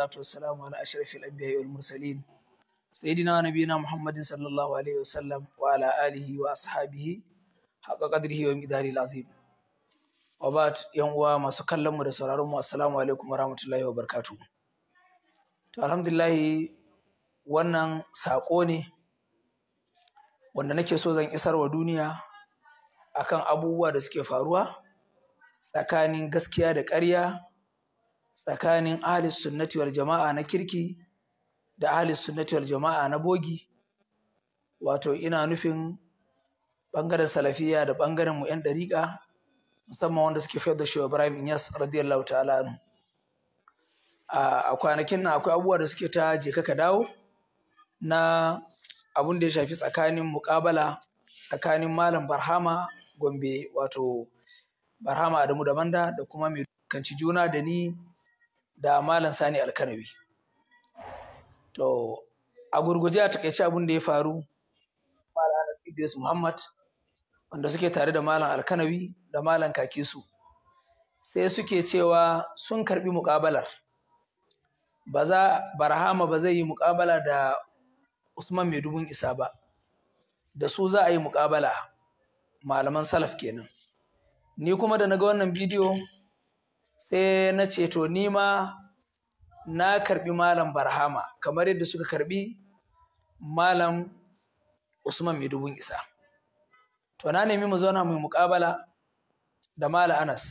salatu wassalamu ala ashrafil anbiya'i wal mursalin sayyidina wa nabiyina muhammadin sallallahu alaihi wasallam wa ala alihi wa ashabihi haqa qadrihi wa midari lazim wa bat yan uwa masu kallon mu da sauraron mu assalamu alaikum warahmatullahi wabarakatuh to alhamdulillahi wannan sako ne wanda nake so zan isar wa duniya akan abubuwa da suke faruwa tsakanin gaskiya da ƙarya tsakanin ahli sunnati wal jama'a na kirki da ahli sunnati wal jama'a na bogi wato ina nufin bangaren salafiya da bangaren mu yan dariƙa musamman wanda suke fayar da shi Ibrahim Inyas radiyallahu ta'ala anhu a kwanakin nan akwai abubuwa da suke ta je ka dawo na abun da ya shafi tsakanin muƙabala tsakanin malam barhama gombe wato barhama adamu da manda da kuma mai kanci juna da ni da malam sani alkanawi to a gurguje a takaice abin da ya faru malam anas muhammad wanda suke tare da malam alkanawi da malam kakisu sai suke cewa sun karbi muƙabalar. ba za Barahama ba zai yi mukabala da usman mai dubun isa ba da su za a yi muƙabala malaman salaf kenan ni kuma da na ga wannan bidiyo sai na ce to ni ma na karɓi malam barhama kamar yadda suka karɓi malam usman mai dubun isa to na nemi mu zauna mai muƙabala da malam anas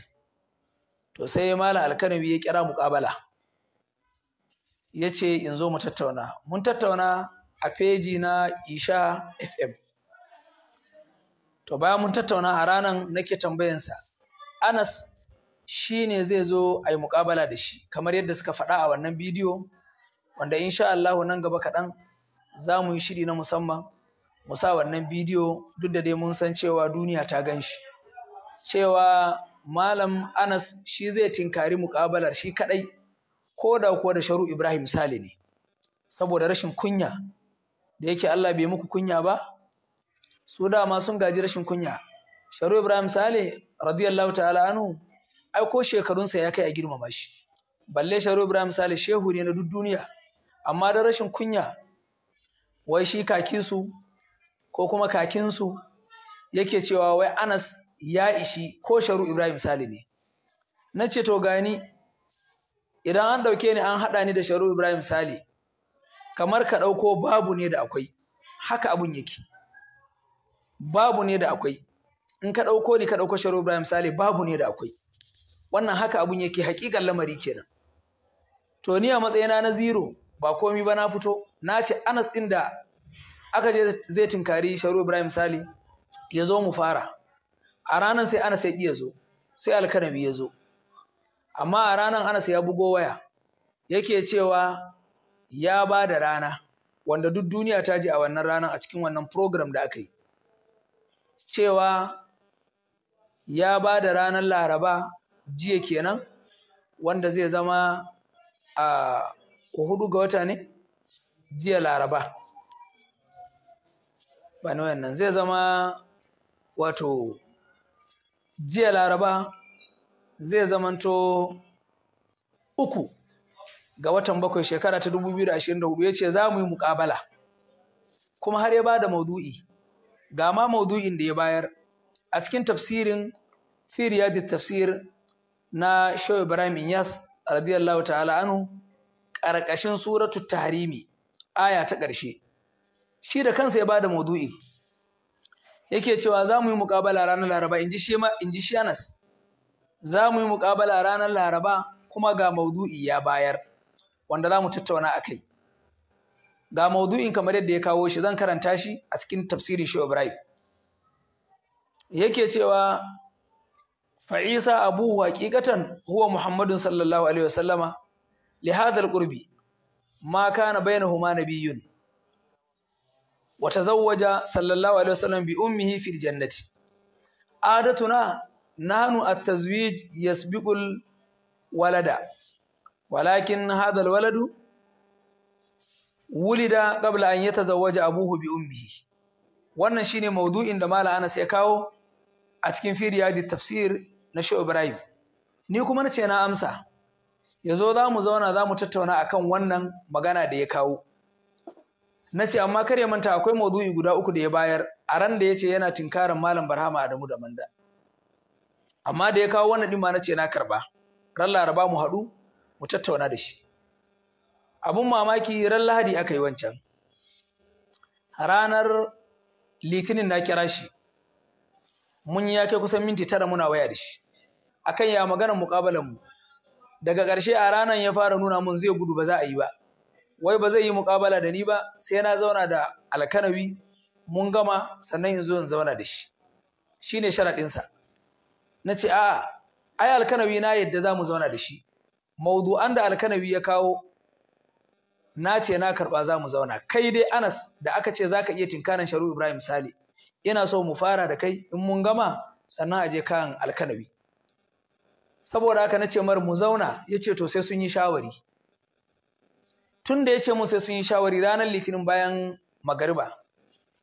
to sai malam alkanawi ya kira muƙabala ya ce in zo mu tattauna mun tattauna a feji na isha fm to bayan mun tattauna a ranar nake tambayansa anas shi ne zai zo a yi muƙabala da shi kamar yadda suka faɗa a wannan bidiyo wanda insha Allahu nan gaba kaɗan za mu yi shiri na musamman mu sa wannan bidiyo duk da dai mun san cewa duniya ta gan shi cewa malam anas shi zai tinkari muƙabalar shi kaɗai ko da kuwa da sharu ibrahim misali ne saboda rashin kunya da yake allah bai muku kunya ba su dama sun gaji rashin kunya sharu ibrahim misali radiyallahu ta'ala anhu ai ko shekarunsa ya kai a girmama shi balle sharu ibrahim sale shehu ne na duk duniya amma da rashin kunya wai shi kakinsu ko kuma kakinsu yake cewa wai anas ya ishi ko sharu ibrahim sale ne na ce to gani idan an ɗauke ni an haɗa ni da sharu ibrahim sale kamar ka dauko babu ne da akwai haka abun yake babu ne da akwai in ka ɗauko ni ka ɗauko sharu ibrahim sale babu ne da akwai wannan haka abun yake haƙiƙan lamari kenan to ni a matsayina na zero ba komi ba na fito na ce Anas ɗin da aka je zai tinkari Sharu Ibrahim Sali ya zo mu fara a ranar sai Anas ya iya zo sai Alkanabi ya zo amma a ranar Anas ya bugo waya yake cewa ya ba da rana wanda duk duniya ta ji a wannan ranar a cikin wannan program da aka yi cewa ya ba da ranar laraba jiya kenan wanda zai zama a hudu ga wata ne jiya laraba ba na wannan zai zama wato jiya laraba zai zamanto uku ga watan bakwai shekara ta 2024 ya ce za mu yi muƙabala kuma har ya ba da maudu'i ga ma maudu'in da ya bayar a cikin tafsirin da tafsir na Shehu Ibrahim Inyas radiyallahu ta'ala anu ƙarƙashin suratu tahrimi aya ta ƙarshe shi da kansa ya bada maudu'i yake cewa za mu yi muƙabala ranar laraba in ji shi in ji shanas za mu yi muƙabala ranar laraba kuma ga maudu'i ya bayar wanda za mu tattauna a kai ga maudu'in kamar yadda ya kawo shi zan karanta shi a cikin tafsirin shi Ibrahim yake cewa fa isa abuhu haqiqatan huwa Muhammadu sallallahu alaihi wasallama li hadha alqurbi ma kana bainahuma nabiyyun wa tazawwaja sallallahu alaihi wasallam bi ummihi fil jannati adatuna nanu at-tazwij yasbiqul walada walakin hadha alwaladu wulida qabla an zawaje abuhu bi ummihi wannan shine maudu'in da mala Anas ya kawo a cikin firiyadi tafsir na shi Ibrahim ni kuma na ce na amsa ya zo za mu zauna za mu tattauna a kan wannan magana da ya kawo na ce amma kar ya manta akwai maudu'i guda uku da ya bayar a ran da ya ce yana tinkarin malam barhama adamu da manda amma da ya kawo wannan ɗin ma na ce na karɓa ran laraba mu haɗu mu tattauna da shi Abin mamaki ran lahadi aka yi wancan ranar litinin na kira shi mun yi yake kusan minti tara muna waya da shi akan ya maganar muƙabalan mu daga ƙarshe a ranar ya fara nuna mun zai gudu ba za a yi ba wai ba zai yi muƙabala da ni ba sai na zauna da alkanawi mun gama sannan yanzu in zauna da shi shine sharaɗinsa na ce a'a ai alkanawi na yadda za mu zauna da shi maudu'an da alkanawi ya kawo na ce na karɓa za mu zauna kai dai anas da aka ce za ka iya tinkanin sharu ibrahim sale ina so mu fara da kai in mun gama sannan a je kan alkanabi saboda haka ce mar mu zauna ya ce to sai sun yi shawari tun da ce mu sai sun yi shawari ranar litinin bayan magariba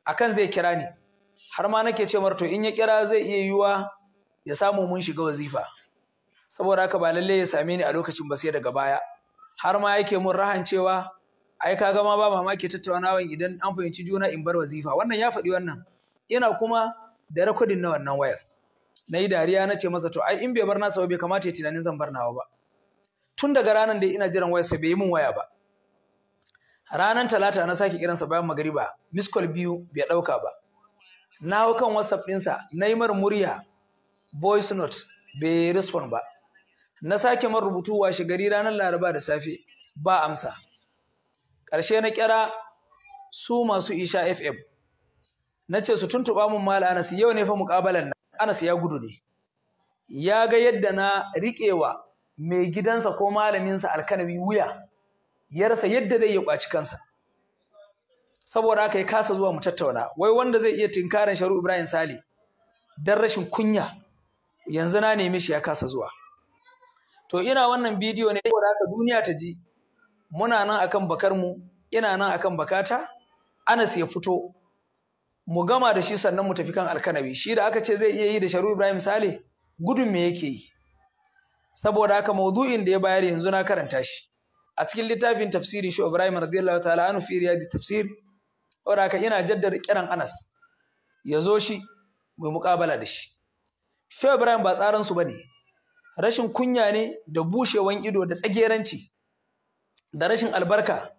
akan zai kira ni har ma nake ce mar to in ya kira zai iya yiwa ya samu mun shiga wazifa saboda haka ba lalle ya same ni a lokacin ba sai daga baya har ma yake mun rahan cewa ai kaga ma ba mamaki tattaunawa idan an fahimci juna in bar wazifa wannan ya faɗi wannan Ina kuma da rekodin na wannan wayar na yi dariya na ce masa to ai in bai bar nasa bai kamata ya tunanin zan bar nawa ba tun daga ranar da ina jiran wayarsa bai yi min waya ba ranar talata na sake kiransa bayan magariba miss call biyu bai ɗauka ba na hau kan whatsapp ɗinsa na yi mar murya voice note bai respond ba na sake mar rubutu washe gari ranar laraba da safe ba amsa ƙarshe na kira su masu isha fm na ce su tuntuɓa mun mala anas yau ne fa muƙabalan nan anas ya gudu ne ya ga yadda na riƙewa mai gidansa ko malaminsa alkanawi wuya ya rasa yadda zai ya ƙwaci kansa saboda haka ya kasa zuwa mu tattauna wai wanda zai iya tinkarin sharu ibrahim sali dan rashin kunya yanzu na nemi shi ya kasa zuwa to ina wannan bidiyo ne saboda haka duniya ta ji muna nan akan bakar mu ina nan akan bakata anas ya fito mu gama da shi sannan mu tafi kan alkanabi shi da aka ce zai iya yi da sharu ibrahim sale gudun me yake yi saboda haka maudu'in da ya bayar yanzu na karanta shi a cikin littafin tafsirin shi ibrahim radiyallahu ta'ala anu fi riyadi tafsir saboda haka ina jaddar kiran anas ya zo shi mai mukabala da shi shi ibrahim ba tsaran su bane rashin kunya ne da bushewan ido da tsageranci da rashin albarka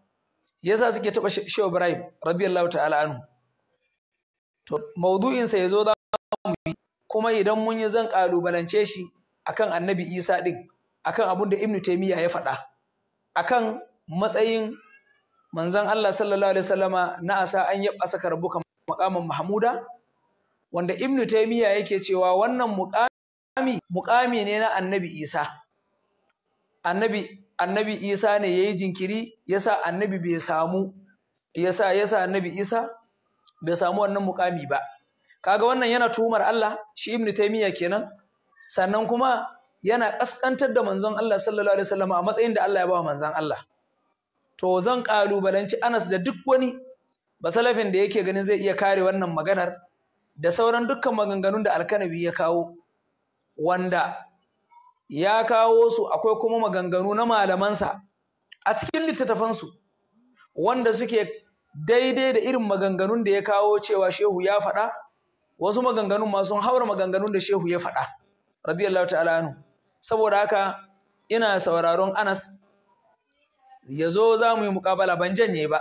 yasa suke taba shi ibrahim radiyallahu ta'ala anhu to maudu'insa ya zo za mu yi kuma idan mun yi zan ƙalubalance shi akan annabi isa ɗin akan abin da ibnu taimiyya ya faɗa akan matsayin manzon allah sallallahu alaihi wasallama na asa an yi saka karbuka mahmuda wanda ibnu taimiyya yake cewa wannan muƙami muƙami ne na annabi isa annabi annabi isa ne yayi jinkiri yasa annabi bai samu yasa yasa annabi isa bai samu wannan mukami ba kaga wannan yana tuhumar Allah shi ibnu taymiya kenan sannan kuma yana kaskantar da manzon Allah sallallahu alaihi wasallam a matsayin da Allah ya ba manzon Allah to zan balanci Anas da duk wani basalafin da yake ganin zai iya kare wannan maganar da sauran dukkan maganganun da alkanabi ya kawo wanda ya kawo su akwai kuma maganganu na malamansa a cikin littattafansu wanda suke daidai da irin maganganun da ya kawo cewa shehu ya faɗa wasu maganganun ma sun haura maganganun da shehu ya faɗa radiyallahu ta'ala anhu saboda haka ina sauraron Anas ya zo za mu yi muƙabala ban janye ba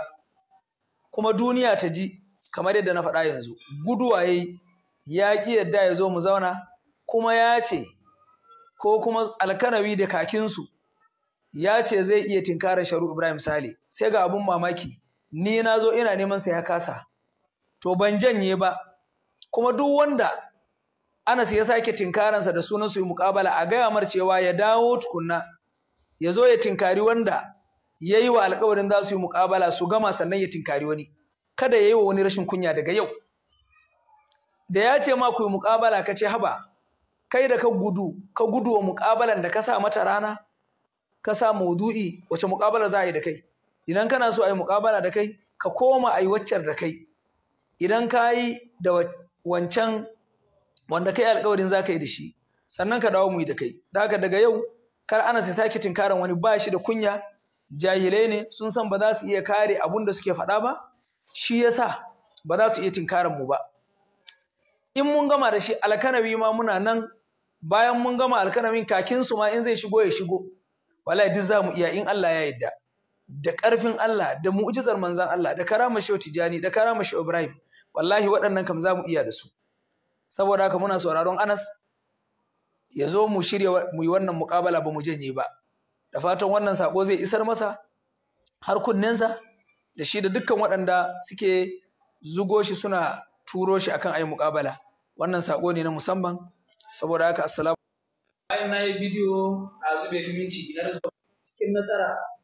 kuma duniya ta ji kamar yadda na faɗa yanzu guduwa yi ya ƙi yadda ya zo mu zauna kuma ya ce ko kuma alkanawi da kakinsu ya ce zai iya tinkara sharu Ibrahim Sale sai ga abin mamaki ni na zo ina neman sa ya kasa to ban janye ba kuma duk wanda Anas ya sake tinkaransa da sunan su mukabala, a gaya mar cewa ya dawo tukunna ya zo ya tinkari wanda ya yi wa alƙawarin za su yi mukabala su gama sannan ya tinkari wani kada ya yi wa wani rashin kunya daga yau da ya ce ma ku yi ka ce haba kai da ka gudu ka gudu wa muƙabalan da ka sa mata rana ka sa maudu'i wace mukabalar za a yi da kai idan kana so a yi muƙabala da kai ka koma a yi waccan da kai idan ka yi da wancan wanda kai alƙawarin za ka yi da shi sannan ka dawo mu yi da kai daga daga yau kar ana sai sake tinkarin wani ba shi da kunya jahilai ne sun san ba za su iya kare abun da suke faɗa ba shi yasa ba za su iya tinkarin mu ba in mun gama da shi alkanawi ma muna nan bayan mun gama alkanawin kakin su ma in zai shigo ya shigo wallahi duk za mu iya in Allah ya yarda da ƙarfin Allah da mu'ujizar manzan Allah da karama shi Tijani da karama shi Ibrahim wallahi waɗannan kam za mu iya da su saboda haka muna sauraron Anas ya zo mu shirya mu yi wannan muƙabala ba mu janye ba da fatan wannan sako zai isar masa har kunnensa da shi da dukkan waɗanda suke zugo shi suna turo shi akan ayi muƙabala wannan sako ne na musamman saboda haka assalamu bayan na yi bidiyo a zube fi minti biyar cikin nasara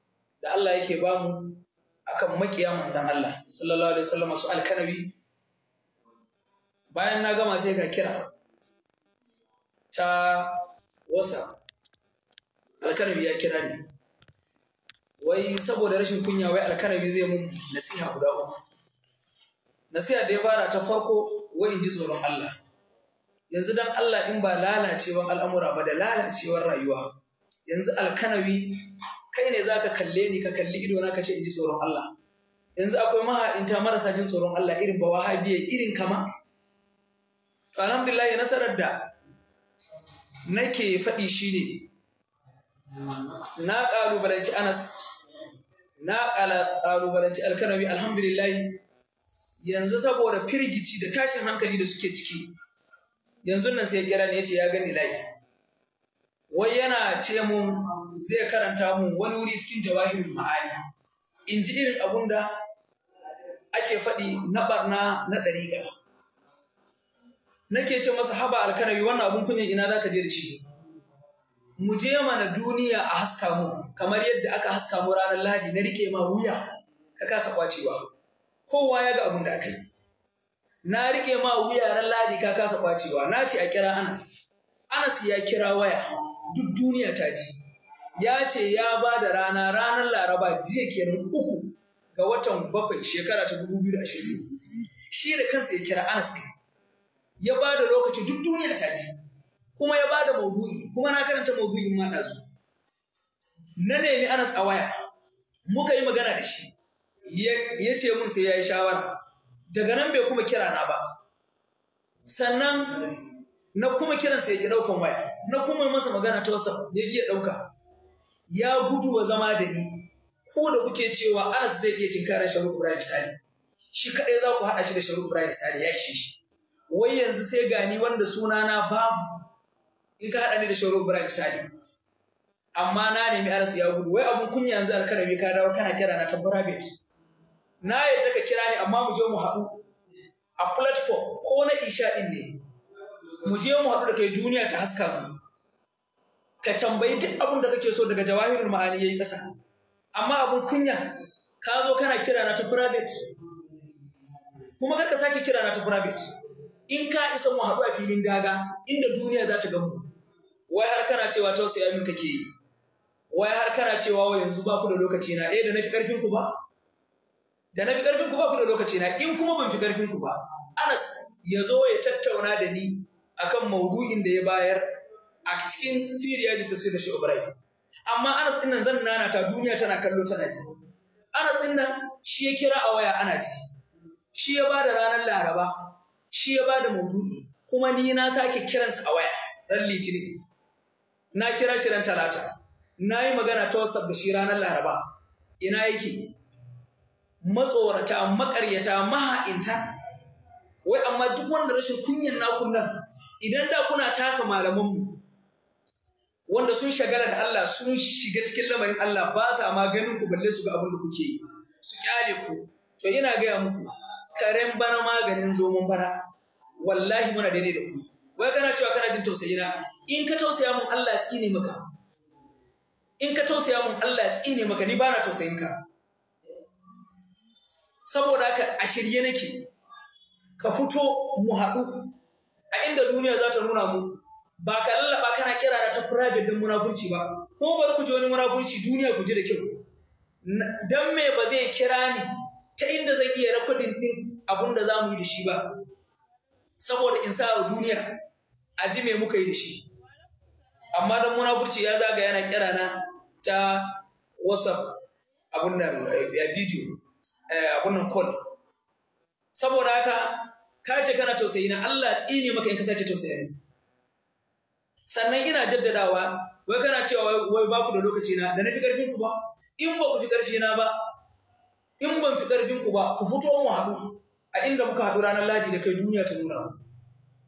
da Allah yake bamu akan makiya manzan Allah sallallahu alaihi wasallam su alkanawi bayan na gama sai ka kira ta wasa alkanawi ya kira ne wai saboda rashin kunya wai alkanawi zai mun nasiha guda uku nasiha da ya fara ta farko wai in ji tsoron Allah yanzu dan Allah in ba lalacewar al'amura ba da lalacewar rayuwa yanzu alkanawi kai ne za ka kalle ni ka kalli idona ka ce in ji tsoron Allah yanzu akwai maha'inta marasa jin tsoron Allah irin ba wahabiyya irin kama alhamdulillah nasarar da nake faɗi shine na ƙalubalanci Anas na ƙalubalanci alkanawi alhamdulillah yanzu saboda firgici da tashin hankali da suke ciki yanzu nan sai ya ne ya ce ya gani life. wai yana ce mun zai karanta mun wani wuri cikin jawahirin ma'ani in ji irin abun da ake faɗi na ɓarna na Na nake ce masa haba alkanawi wannan abun kunyan ina za ka je da shi mu je mana duniya a haska mu kamar yadda aka haska mu ranar lahadi na rike ma wuya ka kasa ƙwacewa. kowa ya ga abun da aka yi na rike ma wuya ranar ladi ka kasa ƙwacewa? na ce a kira anas anas ya kira waya duk duniya ta ji ya ce ya ba da rana ranar laraba jiya kenan uku ga watan bakwai shekara ta dubu biyu da ashirin shi da kansa ya kira anas ɗin ya ba da lokaci duk duniya ta ji kuma ya ba da maudu'i kuma na karanta maudu'in ma ɗazu na nemi anas a waya muka yi magana da shi ya ce mun sai ya yi shawara daga nan bai kuma kira na ba sannan na kuma kiransa ya ɗaukan waya na kuma masa magana ta wasa ya iya ɗauka ya gudu wa zama da ni ko da kuke cewa Anas zai iya tinkarar sharu Ibrahim sali shi kaɗai za ku haɗa shi da sharu Ibrahim sali ya ishe shi wai yanzu sai gani wanda suna na babu in ka haɗa ni da sharu Ibrahim sali amma na nemi Anas ya gudu wai abun kunya yanzu alkarami ka dawo kana kira na ta private na yadda ka kira ni amma mu je mu haɗu a platform ko na isha ɗin ne mu je mu haɗu da kai duniya ta haska mu ka tambayi duk abin da kake so daga jawahirul ma'ani yayi ƙasa amma abin kunya ka zo kana kira na ta private kuma kar ka sake kira na ta private in ka isa mu haɗu a filin daga inda duniya za ta gamu wai har kana cewa sai amin kake yi wai har kana cewa wa yanzu ba ku da lokaci na eh da na fi ƙarfin ku ba da na fi ƙarfin ku ba ku da lokaci na in kuma ban fi ƙarfin ku ba Anas ya zo ya tattauna da ni akan maudu'in da ya bayar a cikin firiya da ta da shi amma anas ɗin nan zan nana ta duniya tana kallo tana ji anas ɗin nan shi ya kira a waya ana ji shi ya ba da ranar laraba shi ya ba da maudu'i kuma ni na sake kiransa a waya ran litinin na kira shi ran talata na yi magana ta wasu da shi ranar laraba ina yake matsorata maƙaryata maha'inta wai amma duk wanda rashin kunyan na nan idan da kuna taka malamanmu wanda sun shagala da Allah sun shiga cikin lamarin Allah ba sa ma ganin ku balle su ga abin da kuke yi su kyale ku to ina gaya muku karen bana maganin zomon bara wallahi muna daidai da ku wai kana cewa kana jin tausayina in ka tausaya mun Allah tsine maka in ka tausaya mun Allah tsine maka ni bana tausayin ka saboda haka a shirye nake ka fito mu haɗu a inda duniya za ta nuna mu ba ka lallaba kana kira da ta private din munafurci ba ko bar ku ji wani munafurci duniya ku ji da kyau dan me ba zai kira ni ta inda zai iya rekodin din abin da za mu yi da shi ba saboda in sa duniya a ji me muka yi da shi amma dan munafurci ya zaga yana kira na ta whatsapp abun nan a eh, video eh, abun nan call saboda haka ka ce kana tausayi na Allah tsine maka in ka sake tausayi ni sannan ina jaddadawa wai kana cewa wai ba da lokaci na da na fi karfin ku ba in ba ku fi karfi na ba in ban fi karfin ku ba ku fito mu haɗu a inda muka haɗu ranar ladi da kai duniya ta nuna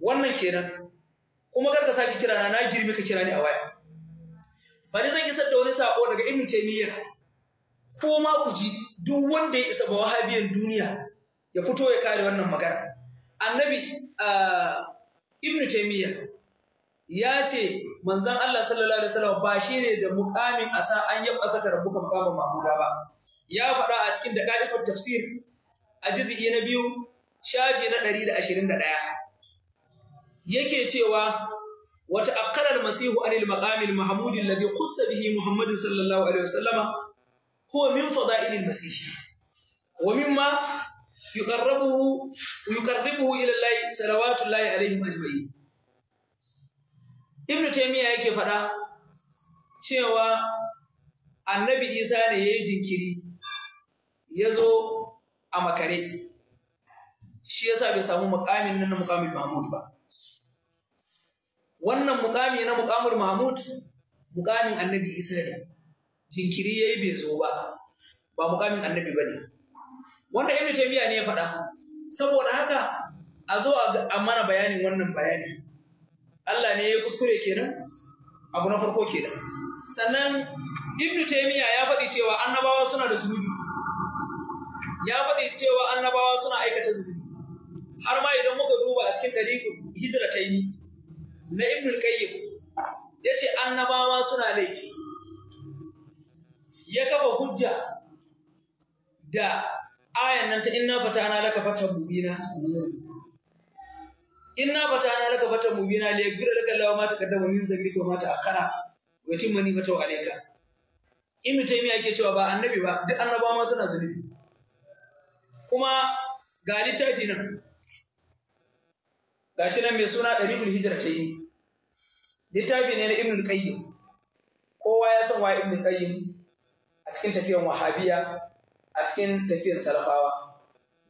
wannan kenan kuma kar ka sake kira na na girme ka kira ni a waya bari zan isar da wani sako daga Ibn Taymiyyah ko ma ku ji duk wanda ya isa ba wahabiyan duniya ya fito ya kare wannan magana annabi ibn taymiya ya ce manzon Allah sallallahu alaihi wasallam ba ne da a asa an yaba saka rabbuka muqamin mahuda ba ya faɗa a cikin daqaiqut tafsir a juz'i na biyu shafi na 121 yake cewa wata akkarar masihu anil maqamil mahmudin alladhi bihi muhammadu sallallahu alaihi wasallama huwa min irin masih wa ma. yuqarribuhu yuqarribuhu ila Allah salawatullahi alaihim ajma'in Ibn Taymiyyah yake faɗa cewa Annabi Isa ne yayi jinkiri ya zo a makare shi yasa bai samu mukamin nan na mukamin Mahmud ba wannan mukami na mukamul Mahmud mukamin Annabi Isa ne jinkiri yayi bai zo ba ba mukamin Annabi bane wanda ibn taymiya ne ya faɗa saboda haka a zo a mana bayanin wannan bayani Allah ne ya kuskure kenan abu na farko kenan sannan ibn taymiya ya faɗi cewa annabawa suna da zunubi ya faɗi cewa annabawa suna aikata zunubi har ma idan muka duba a cikin ɗari hijira ta yi na ibn al-qayyim ya ce annabawa suna laifi ya kafa hujja da ayan nan ta inna ana laka fata mubina inna ana laka fata mubina li yaghfira laka Allahu ma taqaddama min dhanbika wa ma ta'akhkhara wa yutimma ni'matahu alayka ibnu taymiya yake cewa ba annabi ba duk annaba ma suna zunubi kuma ga littafi nan gashi nan mai suna ɗariƙul hijira ta yi littafi ne na ibnul qayyim kowa ya san waye ibnul qayyim a cikin tafiyan wahabiya a cikin tafiyar salafawa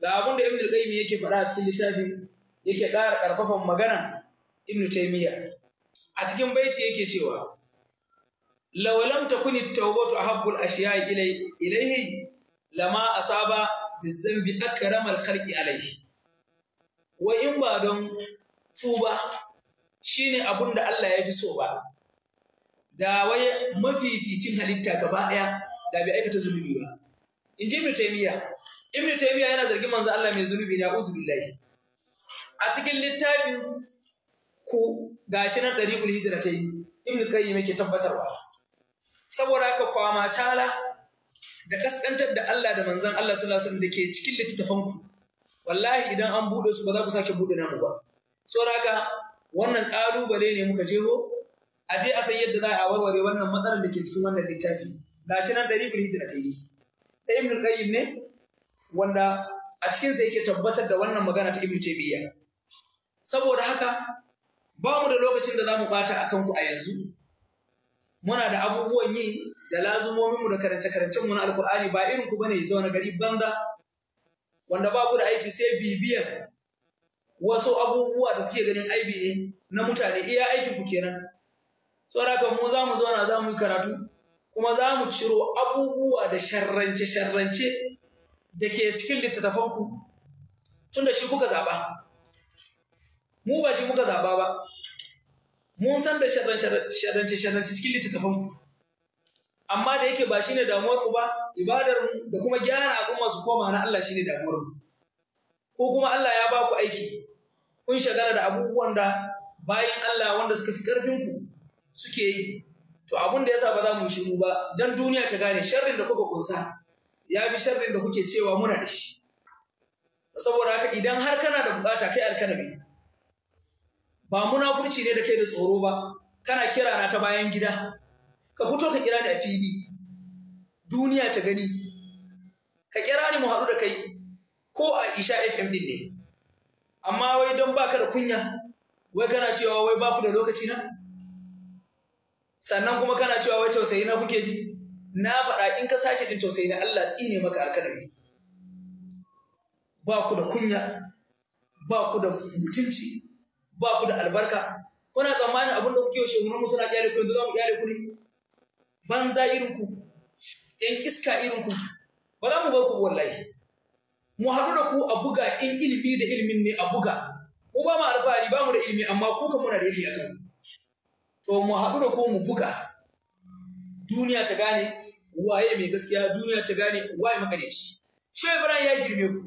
ga abin da ibn yake faɗa a cikin littafin yake ƙara ƙarfafan magana ibn taymiya a cikin baiti yake cewa law lam takun at-tawbatu ahabbu al-ashiya'i ilay ilayhi lama asaba bizanbi akrama al-khalqi alayhi wa in ba don tuba shine abun da Allah ya fi so ba da waye mafificin halitta gaba daya da bai aikata zulubi ba in ji mutaimiya in ibn yana zargin manzo Allah mai zunubi na uzu billahi a cikin littafin ku gashi nan ɗari ta yi, tayi ibn qayyim ke tabbatarwa saboda haka kwama tala da kaskantar da Allah da manzan Allah sallallahu alaihi da ke cikin littafan ku wallahi idan an buɗe su ba za ku sake bude namu ba saboda ka wannan ƙalubale ne muka jeho a je a san yadda za a warware wannan matsalar da ke cikin wannan littafi gashi nan ɗari hijira ta yi. da ibn qayyim ne wanda a cikinsa sa yake tabbatar da wannan magana ta ibn biya saboda haka ba mu da lokacin da zamu ɓata akan ku a yanzu muna da abubuwan yi da lazumomin mu da karance karancen mu na Alƙur'ani. ba irin ku bane zauna gari banda wanda ba ku da aiki sai bibiyar wasu abubuwa da kuke ganin aibi ne na mutane iya aikin ku kenan saboda haka mu za mu zauna za mu yi karatu kuma za mu ciro abubuwa da sharrance-sharrance da ke cikin littattafanku tun da shi kuka zaɓa mu ba shi kuka zaɓa ba mun san da sharrance-sharrance cikin littattafanku amma da yake ba shi ne damuwar ku ba ibadar mu da kuma gyara abin su koma na Allah shi ne damuwar mu ko kuma Allah ya ba ku aiki kun shagara da abubuwan da bayan Allah wanda suka fi ƙarfinku suke yi to abun da yasa ba za mu yi shiru ba dan duniya ta gane sharrin da kuka kunsa ya bi sharrin da kuke cewa muna da shi saboda haka idan har kana da bukata kai alkalami ba munafurci ne da kai da tsoro ba kana kira na ta bayan gida ka fito ka kira ni a fili duniya ta gani ka kira ni mu haɗu da kai ko a isha fm din ne amma wai don baka da kunya wai kana cewa wai baku da lokaci na sannan kuma kana cewa wai tausayi na kuke ji na faɗa in ka sake jin tausayi na Allah tsine maka alkalami ba ku da kunya ba ku da mutunci ba ku da albarka kuna tsammanin abin da kuke yaushe mu suna kyale ku yanzu za mu kyale ku ne banza irin ku yan iska irin ku ba za mu bar ku wallahi mu haɗu da ku a buga in ilimi da ilimin ne a buga mu ba mu alfahari ba mu da ilimi amma ku kan muna da ilimi a kanku to mu haɗu da ko mu buga duniya ta gane waye mai gaskiya duniya ta gane waye makareci shi ibrahim ya girme ku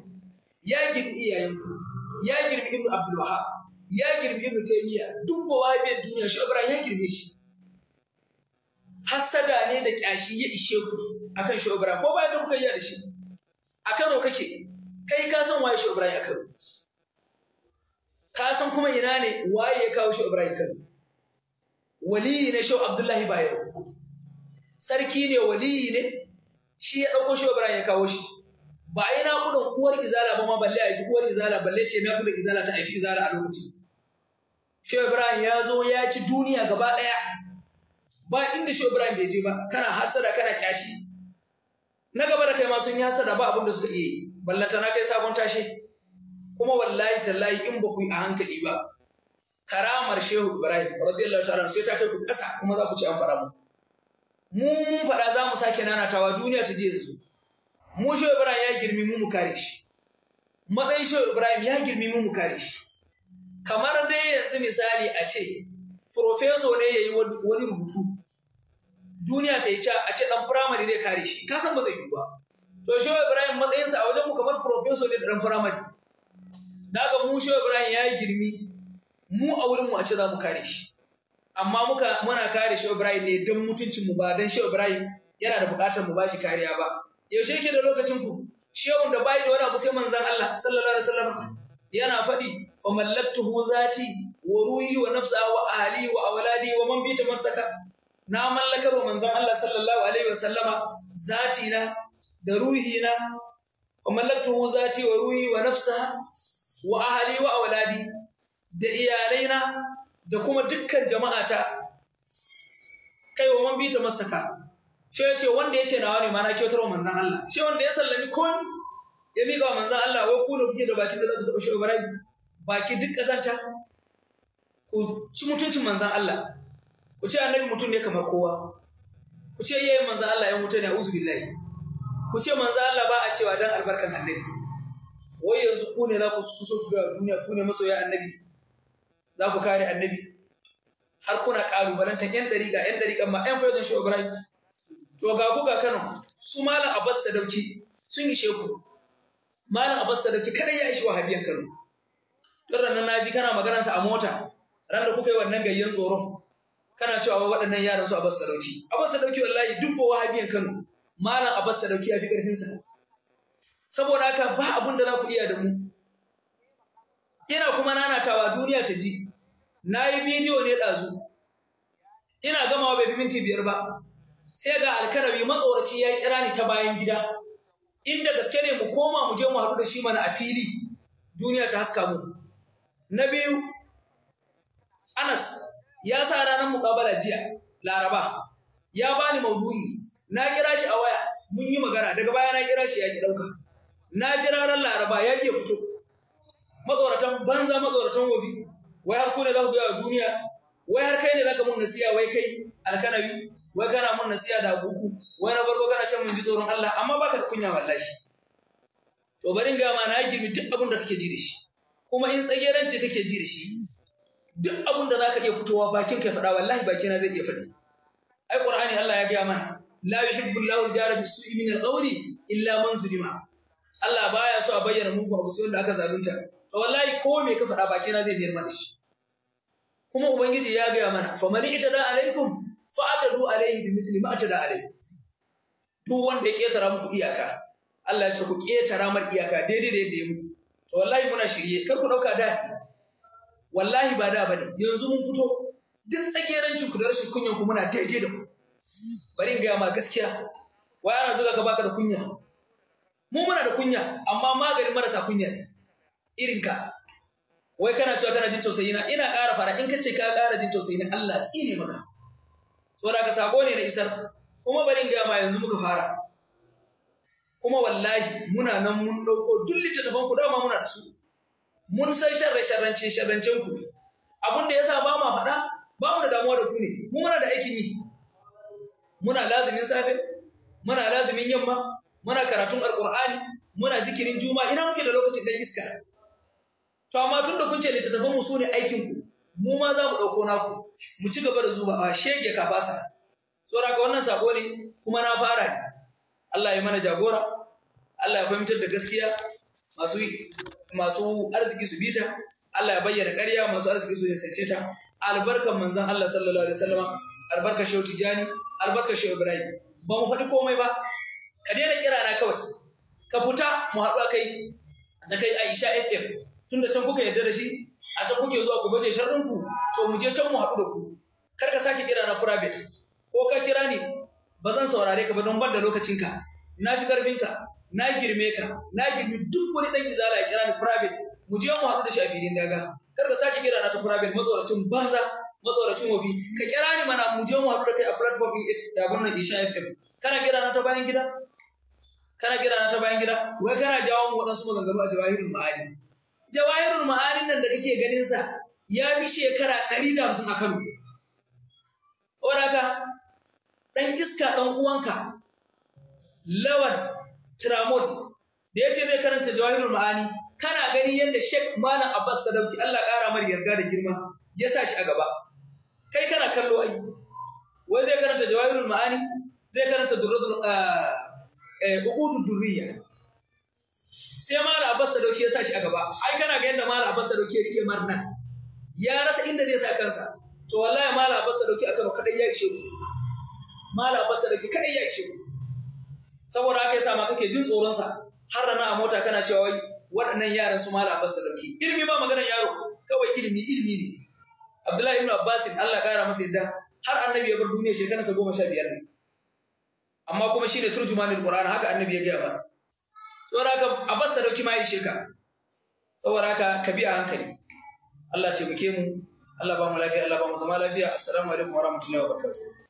ya girme iyayen ku ya girme ibnu abdul wahab ya girme ibnu taymiya duk ba waye bai duniya shi ibrahim ya girme shi hassada ne da kyashi ya ishe ku akan shi ibrahim ko bayan da kuka yi da shi a Kano kake kai ka san waye shi ibrahim a Kano ka san kuma ina ne waye ya kawo shi ibrahim Kano waliyi ne shehu abdullahi bayero sarki ne waliyi ne shi ya ɗauko shi wa ya kawo shi ba a yi naƙudan uwar izala ba ma balle a yi uwar izala balle ce kuma izala ta haifi izala a lokaci. shehu ibrahim ya zo ya ci duniya gaba ɗaya ba inda shehu ibrahim bai je ba kana hasada kana kyashi na gaba da kai ma sun yi hasada ba abin da suka iya yi ballanta na kai sabon tashe kuma wallahi tallahi in ba ku yi a hankali ba karamar shehu ibrahim radiyallahu ta'ala sai ta kai ku ƙasa kuma za ku ci an faɗa mu mu mun fada za mu sake nanatawa duniya ta je yanzu mu shehu ibrahim ya girmi mu mu kare shi matsayin shehu ibrahim ya girmi mu mu kare shi kamar dai yanzu misali a ce profeso ne ya yi wani rubutu duniya ta yi ca a ce dan firamare zai kare shi ka san ba zai yi ba to shehu ibrahim matsayinsa a wajen mu kamar profeso ne da dan firamare da aka mu shehu ibrahim ya yi girmi mu a wurin mu a ce za mu kare shi amma muka muna kare shi Ibrahim ne don mutuncin mu ba don shi Ibrahim yana da buƙatar mu bashi kariya ba yaushe yake da lokacin ku shehun da bai da wani abu sai manzon Allah sallallahu alaihi wasallam yana faɗi fa mallaktuhu zati wa ruhi wa nafsa wa ahli wa awladi wa man bi tamassaka na mallakar wa manzon Allah sallallahu alaihi wasallam zati na da ruhi na wa mallaktuhu zati wa ruhi wa nafsa wa ahli wa awladi da iyalaina da kuma dukkan jama'ata kai wa man bi ta masaka shi ya ce wanda ya ce nawa ne mana kyautar wa manzan Allah shi wanda ya sallami komi ya miƙa wa manzan Allah wai ku da kuke da bakin da za ku taɓa shi Ibrahim baki duk ƙazanta ku ci mutuncin manzan Allah ku ce annabi mutum ne kamar kowa ku ce yayin manzan Allah ya mutu ne a'udhu billahi ku ce manzan Allah ba a cewa dan albarkan annabi wai yanzu ku ne za ku ku ga duniya ku ne masoya annabi za ku kare annabi har kuna ƙalubalantar 'yan ɗariƙa 'yan ɗariƙan ma 'yan faizan shi ibrahim to ga ku ga kano su malam abbas sadauki sun ishe ku malam abbas sadauki kadai ya ishi wahabiyan kano don ranar naji kana maganarsa a mota ran da kuka yi wannan gayyan tsoron kana cewa wa waɗannan yaran su abbas sadauki abbas sadauki wallahi duk ba wahabiyan kano malam abbas sadauki ya fi ƙarfinsa saboda haka ba abin da za ku iya da mu yana kuma nanatawa duniya ta ji na yi bidiyo ne ɗazu ina gamawa bai fi minti biyar ba sai ga alkarabi matsoraci ya kira ni ta bayan gida inda gaske ne mu koma mu je mu haɗu da shi mana a fili duniya ta haska mu na biyu anas ya sa ranar muƙabala jiya laraba ya bani maudu'i na kira shi a waya mun yi magana daga baya na kira shi ya ki ɗauka na ji ranar laraba ya ke fito matsoratan banza matsoratan wofi wai har ku ne za ku wa duniya wai har kai ne zaka mun nasiya wai kai alkanabi wai kana mun nasiya da abubu wai na farko kana can mun ji tsoron Allah amma baka da kunya wallahi to barin ga ma na yi girmi duk abin da kake ji da shi kuma in tsageranci kake ji da shi duk abin da zaka iya fitowa bakin ka faɗa wallahi bakina zai iya faɗi ai qur'ani Allah ya gaya mana la yuhibbu Allahu al-jara bisu'i min al-qawli illa man zulima Allah baya so a bayyana muku abu sai wanda aka zalunta to wallahi ko me ka faɗa bakina zai biyar mana shi kuma ubangiji ya gaya mana fa ita itada alaikum fa atadu alaihi bi misli ma atada alaikum duk wanda ya ketara muku iyaka Allah ya ce ku ketara mar iyaka daidai da yadda yake to wallahi muna shirye kar ku dauka dadi wallahi ba da bane yanzu mun fito duk tsakiyar ku da rashin kunyan ku muna daidai da ku bari in ma gaskiya wa yana zuga ka baka da kunya mu muna da kunya amma maganin marasa kunya ne irinka wai kana cewa kana jin tausayi na ina ƙara fara in ka ce ka ƙara jin tausayi na Allah tsine maka saboda ka sako ne na isar kuma barin ga ma yanzu muka fara kuma wallahi muna nan mun dauko duk littattafan ku dama muna da su mun san sharre sharrance sharrancen ku abin da yasa ba ma faɗa ba mu da damuwa da ku ne mu muna da aikin yi muna lazimin safe muna lazimin yamma muna karatun alqur'ani muna zikirin juma'a ina muke da lokacin dan iska to amma tun da kun ce littattafan mu ne aikin ku mu ma za mu ɗauko naku mu ci gaba da zuba a shege ka fasa tsora ka wannan sako ne kuma na fara ne Allah ya mana jagora Allah ya fahimtar da gaskiya masu masu arziki su bita Allah ya bayyana ƙarya masu arziki su yasance ta albarkar manzon Allah sallallahu alaihi wasallam albarkar Shehu Tijani albarkar Shehu Ibrahim ba mu faɗi komai ba ka daina kira na kawai ka fita mu haɗu kai na kai Aisha FM Tunda can kuka yarda da shi a can kuke zuwa ku baje sharrin ku to mu je can mu haɗu da ku kar ka sake kira na private ko ka kira ni ba zan saurare ka ba don ban da lokacinka na fi ƙarfinka na girme ka na girme duk wani ɗan izala ya kira ni private mu je mu haɗu da shi a filin daga kar ka sake kira na ta private matsoracin banza matsoracin wafi ka kira ni mana mu je mu haɗu da kai a platform ɗin abin nan isha fm kana kira na ta bayan gida kana kira na ta bayan gida wai kana jawo mu waɗansu maganganu a jawahirul ma'adin jawahirul ma'anin nan da kake ganin sa ya fi shekara 150 a Kano oraka dan iska dan uwanka lawan tramod da yace zai karanta jawahirul ma'ani kana gani yadda Sheikh Malam Abbas Sadauki Allah kara mar yarda da girma ya sa shi a gaba kai kana kallo ai wai zai karanta jawahirul ma'ani zai karanta ah, eh uqudud durriya sai mara abbas sadauki ya sa shi a gaba ai kana ga yadda mara abbas sadauki ya rike marna ya rasa inda zai sa kansa to wallahi mara abbas sadauki a kano kadai ya ishe ku mara abbas sadauki kadai ya ishe ku saboda haka yasa ma kake jin tsoron sa har rana a mota kana cewa wai waɗannan yaran su mara abbas sadauki ilimi ba maganar yaro kawai ilimi ilimi ne abdullahi ibn abbas Allah kara masa yadda har annabi ya bar duniya shekararsa goma sha biyar ne amma kuma shi ne turjumanin qur'an haka annabi ya gaya ba. saboda haka a bar sadauki ma ya ishe ka saboda haka ka bi a hankali Allah ce mu Allah ba mu lafiya Allah ba mu zama lafiya assalamu alaikum wa rahmatullahi wa barakatuh